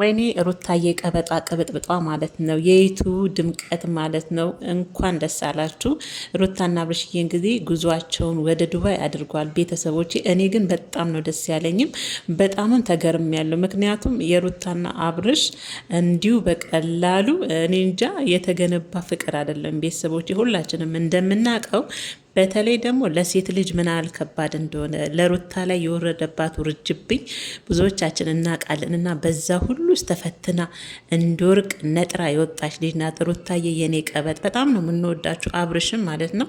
ወይኔ ሩታዬ ቀበጣ ቀበጥብጧ ማለት ነው። የይቱ ድምቀት ማለት ነው። እንኳን ደስ አላችሁ ሩታና ብርሽዬን ጊዜ ጉዟቸውን ወደ ዱባይ አድርጓል ቤተሰቦቼ። እኔ ግን በጣም ነው ደስ ያለኝም በጣምም ተገርም ያለው ምክንያቱም የሩታና አብርሽ እንዲሁ በቀላሉ እኔ እንጃ የተገነባ ፍቅር አይደለም ቤተሰቦች ሁላችንም እንደምናውቀው በተለይ ደግሞ ለሴት ልጅ ምን ያህል ከባድ እንደሆነ ለሩታ ላይ የወረደባት ውርጅብኝ ብዙዎቻችን እናውቃለን እና በዛ ሁሉ ውስጥ ተፈትና እንዲወርቅ ነጥራ የወጣች ልጅ ናት ሩታዬ፣ የኔ ቀበጥ። በጣም ነው የምንወዳችሁ አብርሽም ማለት ነው።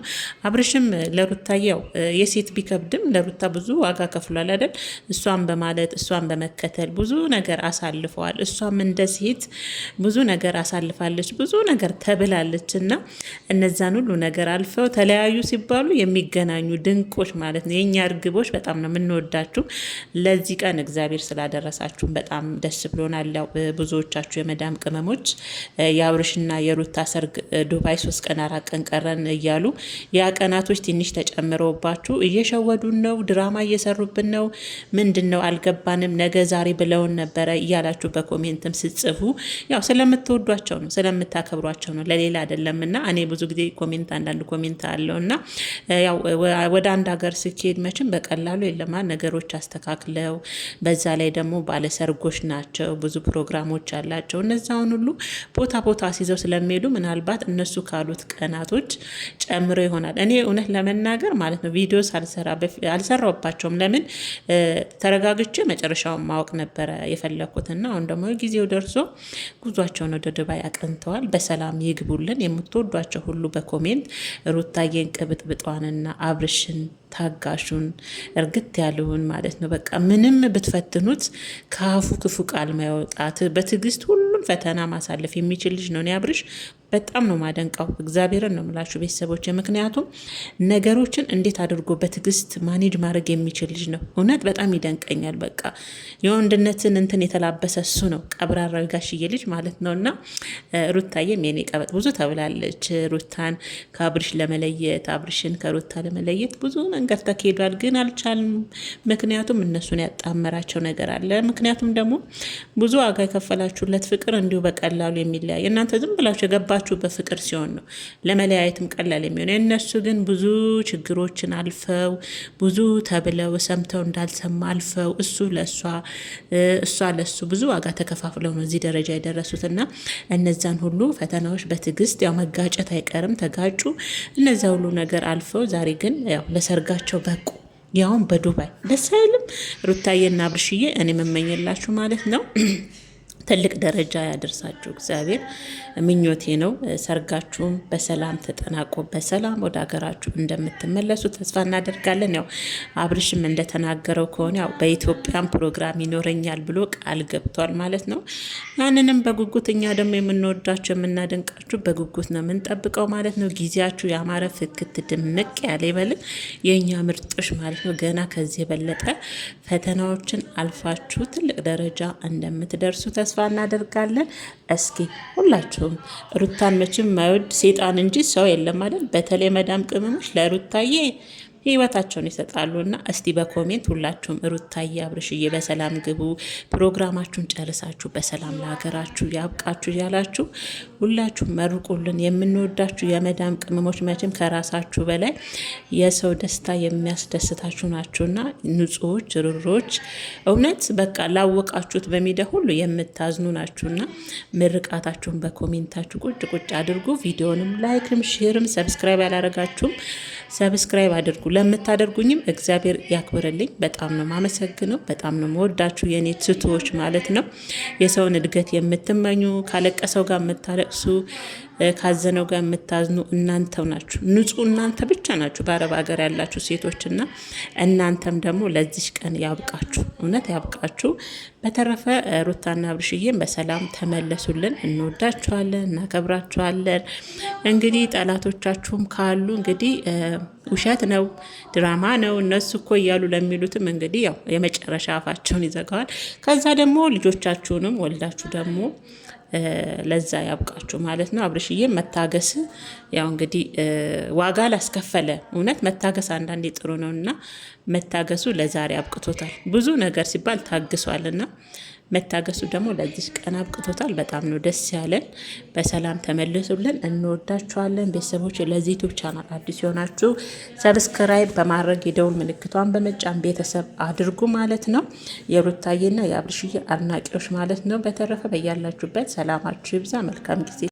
አብርሽም ለሩታዬ ያው የሴት ቢከብድም ለሩታ ብዙ ዋጋ ከፍሏል አይደል? እሷን በማለት እሷን በመከተል ብዙ ነገር አሳልፈዋል። እሷም እንደ ሴት ብዙ ነገር አሳልፋለች፣ ብዙ ነገር ተብላለች እና እነዛን ሁሉ ነገር አልፈው ተለያዩ ሲባ እየተባባሉ የሚገናኙ ድንቆች ማለት ነው። የእኛ እርግቦች በጣም ነው የምንወዳችሁ። ለዚህ ቀን እግዚአብሔር ስላደረሳችሁም በጣም ደስ ብሎናል። ያው ብዙዎቻችሁ የመዳም ቅመሞች የአብርሽና የሩታ ሰርግ ዱባይ ሶስት ቀን አራት ቀን ቀረን እያሉ ያ ቀናቶች ትንሽ ተጨምረውባችሁ እየሸወዱን ነው፣ ድራማ እየሰሩብን ነው፣ ምንድን ነው አልገባንም፣ ነገ ዛሬ ብለውን ነበረ እያላችሁ በኮሜንትም ስጽፉ ያው ስለምትወዷቸው ነው ስለምታከብሯቸው ነው ለሌላ አይደለም። እና እኔ ብዙ ጊዜ ኮሜንት አንዳንድ ኮሜንት አለው እና ያው ወደ አንድ ሀገር ስኬሄድ መቼም በቀላሉ የለማ ነገሮች አስተካክለው፣ በዛ ላይ ደግሞ ባለሰርጎች ናቸው፣ ብዙ ፕሮግራሞች አላቸው። እነዛውን ሁሉ ቦታ ቦታ ሲይዘው ስለሚሄዱ ምናልባት እነሱ ካሉት ቀናቶች ጨምሮ ይሆናል። እኔ እውነት ለመናገር ማለት ነው ቪዲዮ አልሰራባቸውም። ለምን ተረጋግቼ መጨረሻውን ማወቅ ነበረ የፈለግኩትና አሁን ደግሞ ጊዜው ደርሶ ጉዟቸውን ወደ ዱባይ አቅንተዋል። በሰላም ይግቡልን። የምትወዷቸው ሁሉ በኮሜንት ሩታዬን ቅብጥ ብልጥብጧንና አብርሽን ታጋሹን እርግት ያለውን ማለት ነው። በቃ ምንም ብትፈትኑት ከአፉ ክፉ ቃል ማያወጣት በትዕግስት ሁሉም ፈተና ማሳለፍ የሚችል ልጅ ነው። እኔ አብርሽ በጣም ነው ማደንቀው። እግዚአብሔርን ነው የምላችሁ ቤተሰቦች፣ ምክንያቱም ነገሮችን እንዴት አድርጎ በትዕግስት ማኔጅ ማድረግ የሚችል ልጅ ነው። እውነት በጣም ይደንቀኛል። በቃ የወንድነትን እንትን የተላበሰ እሱ ነው፣ ቀብራራዊ ጋሽዬ ልጅ ማለት ነው። እና ሩታዬም የኔ ቀበጥ ብዙ ተብላለች። ሩታን ከአብርሽ ለመለየት አብርሽን ከሩታ ለመለየት ብዙ መንገድ ተካሂዷል፣ ግን አልቻልም። ምክንያቱም እነሱን ያጣመራቸው ነገር አለ። ምክንያቱም ደግሞ ብዙ ዋጋ የከፈላችሁለት ፍቅር እንዲሁ በቀላሉ የሚለያይ እናንተ ዝም ብላችሁ የገባ ልባችሁ በፍቅር ሲሆን ነው ለመለያየትም ቀላል የሚሆነው። የእነሱ ግን ብዙ ችግሮችን አልፈው ብዙ ተብለው ሰምተው እንዳልሰማ አልፈው እሱ ለእሷ እሷ ለእሱ ብዙ ዋጋ ተከፋፍለው ነው እዚህ ደረጃ የደረሱት እና እነዛን ሁሉ ፈተናዎች በትዕግስት ያው መጋጨት አይቀርም ተጋጩ። እነዛ ሁሉ ነገር አልፈው ዛሬ ግን ያው ለሰርጋቸው በቁ። ያውም በዱባይ ደስ አይልም? ሩታዬና ብርሽዬ እኔ የምመኝላችሁ ማለት ነው። ትልቅ ደረጃ ያደርሳችሁ እግዚአብሔር ምኞቴ ነው። ሰርጋችሁም በሰላም ተጠናቆ በሰላም ወደ ሀገራችሁ እንደምትመለሱ ተስፋ እናደርጋለን። ያው አብርሽም እንደተናገረው ከሆነ ያው በኢትዮጵያን ፕሮግራም ይኖረኛል ብሎ ቃል ገብቷል ማለት ነው። ያንንም በጉጉት እኛ ደግሞ የምንወዳቸው የምናደንቃችሁ በጉጉት ነው የምንጠብቀው ማለት ነው። ጊዜያችሁ ያማረ ፍክት ድምቅ ያለ ይበልን የእኛ ምርጦች ማለት ነው። ገና ከዚህ የበለጠ ፈተናዎችን አልፋችሁ ትልቅ ደረጃ እንደምትደርሱ ተስፋ እናደርጋለን። እስኪ ሁላችሁም ሩታን መቼም ማይወድ ሴጣን እንጂ ሰው የለም አይደል? በተለይ መዳም ቅመሞች ለሩታዬ ህይወታቸውን ይሰጣሉ። እና እስቲ በኮሜንት ሁላችሁም ሩታዬ፣ አብርሽዬ በሰላም ግቡ፣ ፕሮግራማችሁን ጨርሳችሁ በሰላም ለሀገራችሁ ያብቃችሁ እያላችሁ ሁላችሁም መርቁልን። የምንወዳችሁ የመዳም ቅመሞች መቼም ከራሳችሁ በላይ የሰው ደስታ የሚያስደስታችሁ ናችሁና ንጹዎች፣ ርሮች እውነት በቃ ላወቃችሁት በሚዲያ ሁሉ የምታዝኑ ናችሁና ምርቃታችሁን በኮሜንታችሁ ቁጭ ቁጭ አድርጉ። ቪዲዮንም ላይክም ሼርም ሰብስክራይብ ያላረጋችሁም ሰብስክራይብ አድርጉ። ለምታደርጉኝም እግዚአብሔር ያክብርልኝ። በጣም ነው ማመሰግነው። በጣም ነው መወዳችሁ የኔ ትቶዎች ማለት ነው። የሰውን እድገት የምትመኙ ካለቀሰው ጋር የምታለቅሱ ካዘነው ጋር የምታዝኑ እናንተው ናችሁ። ንጹህ እናንተ ብቻ ናችሁ በአረብ ሀገር ያላችሁ ሴቶችና እናንተም ደግሞ ለዚች ቀን ያብቃችሁ፣ እውነት ያብቃችሁ። በተረፈ ሩታና ብርሽዬን በሰላም ተመለሱልን። እንወዳችኋለን፣ እናከብራችኋለን። እንግዲህ ጠላቶቻችሁም ካሉ እንግዲህ ውሸት ነው፣ ድራማ ነው እነሱ እኮ እያሉ ለሚሉትም እንግዲህ ያው የመጨረሻ አፋቸውን ይዘጋዋል። ከዛ ደግሞ ልጆቻችሁንም ወልዳችሁ ደግሞ ለዛ ያብቃችሁ ማለት ነው። አብርሽዬ መታገስ ያው እንግዲህ ዋጋ ላስከፈለ እውነት መታገስ አንዳንዴ ጥሩ ነው እና መታገሱ ለዛሬ አብቅቶታል። ብዙ ነገር ሲባል ታግሷል እና መታገሱ ደግሞ ለዚህ ቀን አብቅቶታል። በጣም ነው ደስ ያለን። በሰላም ተመልሱልን። እንወዳችኋለን ቤተሰቦች። ለዚህ ዩቱብ ቻናል አዲስ የሆናችሁ ሰብስክራይብ በማድረግ የደውል ምልክቷን በመጫን ቤተሰብ አድርጉ ማለት ነው። የሩታዬና የአብርሽዬ አድናቂዎች ማለት ነው። በተረፈ በያላችሁበት ሰላማችሁ ይብዛ። መልካም ጊዜ